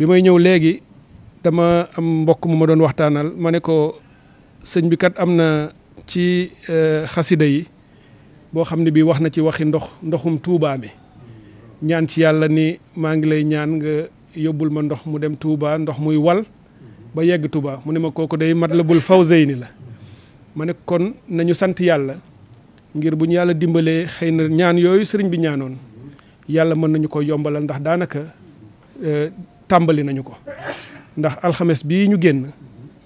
bi may ñëw léegi dama am mbokk mu ma doon waxtaanal ma ne ko sëñ bi kat am na ci e, xasida yi boo xam ne bii wax na ci waxi ndox ndoxum tuubaa mi ñaan ci yàlla ni maa ngi lay ñaan nga yóbbul ma ndox mu dem tuubaa ndox muy wal ba yegg Touba mu ne ma kooku day Matlabul Fawzayni la ma ne kon nañu sant yàlla ngir bu ñu yàlla dimbalee xëy na ñaan yooyu sëriñ bi ñaanoon yàlla mën nañu ko yombalal ndax daanaka e, tàmbali nañu ko ndax alxames bii ñu génn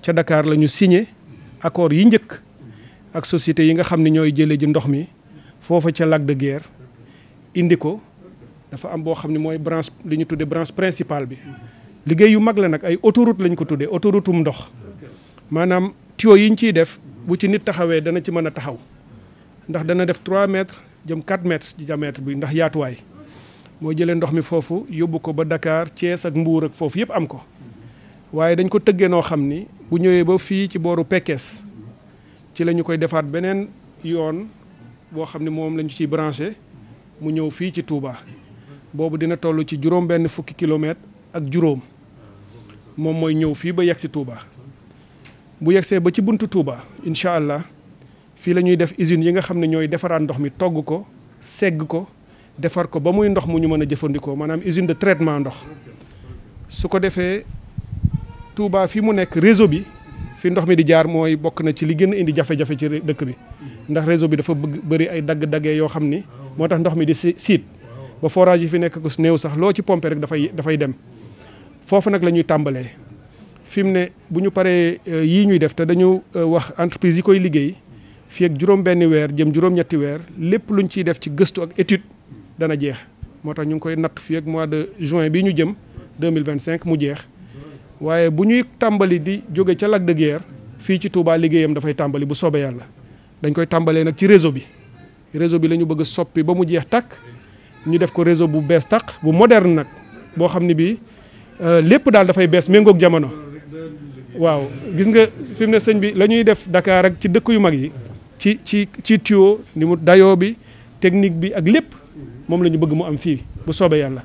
ca Dakar la ñu signé accord yi njëkk ak société yi nga xam ne ñooy jëlee ji ndox mi foofa ca lac de indi ko dafa am boo xam ne mooy branche li ñu tuddee branche principale bi liggéey yu mag la nag ay autoroute lañ ko tuddee autoroute ndox maanaam tuyau yi ñu ciy def bu ci nit taxawee dana ci mën a taxaw ndax dana def 3 mètres jëm 4 mètres ci diamètre bi ndax yaatuwaay moo jëlee ndox mi foofu yóbbu ko ba dakaar Thiès ak Mbour ak foofu yëpp am ko waaye dañ ko tëggee noo xam ni bu ñëwee ba fii ci booru pekkees ci lañu koy defaat beneen yoon boo xam ne moom la ci ciy mu ñëw fii ci Touba boobu dina toll ci juróom benn fukki kilomètre ak juróom moom mooy ñëw fii ba yegg si Touba bu yegsee ba ci buntu Touba incha allah fii la ñuy def usines yi nga xam ne ñooy defaraat ndox mi togg ko segg ko defar ko ba muy ndox mu ñu mën a jëfandikoo maanaam usine de traitement ndox su ko defee Touba fi mu nekk réseau bi fi ndox mi di jaar mooy bokk na ci li gën a indi jafe-jafe ci dëkk bi ndax réseau bi dafa bëgg bëri ay dagg-daggee yoo xam ni moo tax ndox mi di siit ba forage yi fi nekk ko néew sax loo ci pompe rek dafay dafay dem foofu nag la ñuy tàmbalee fi mu ne bu ñu paree euh, yii ñuy def te dañu euh, wax entreprise yi koy liggéey fii ak juróom benni weer jëm juróom weer lépp luñ ciy def ci gëstu ak étude dana jeex moo tax ñu ngi koy natt fii ak mois de juin bi ñu jëm 2025 mu jeex waaye bu ñuy tàmbali di jóge ca Lac de fii ci Touba liggéeyam dafay tàmbali bu soobee yàlla dañ koy tàmbalee nag ci réseau bi réseau bi la ñu bëgg soppi ba mu jeex takk ñu def ko réseau bu bees taq bu moderne nag boo xam ne bii euh, lépp daal dafay bees méngoog jamono waaw gis nga fi ne sëñ bi la ñuy def dakaar ak ci dëkk yu mag yi ci ci ci tuyau ni mu dayoo bi technique bi ak lépp moom la ñu bëgg mu am fii bu soobee yàlla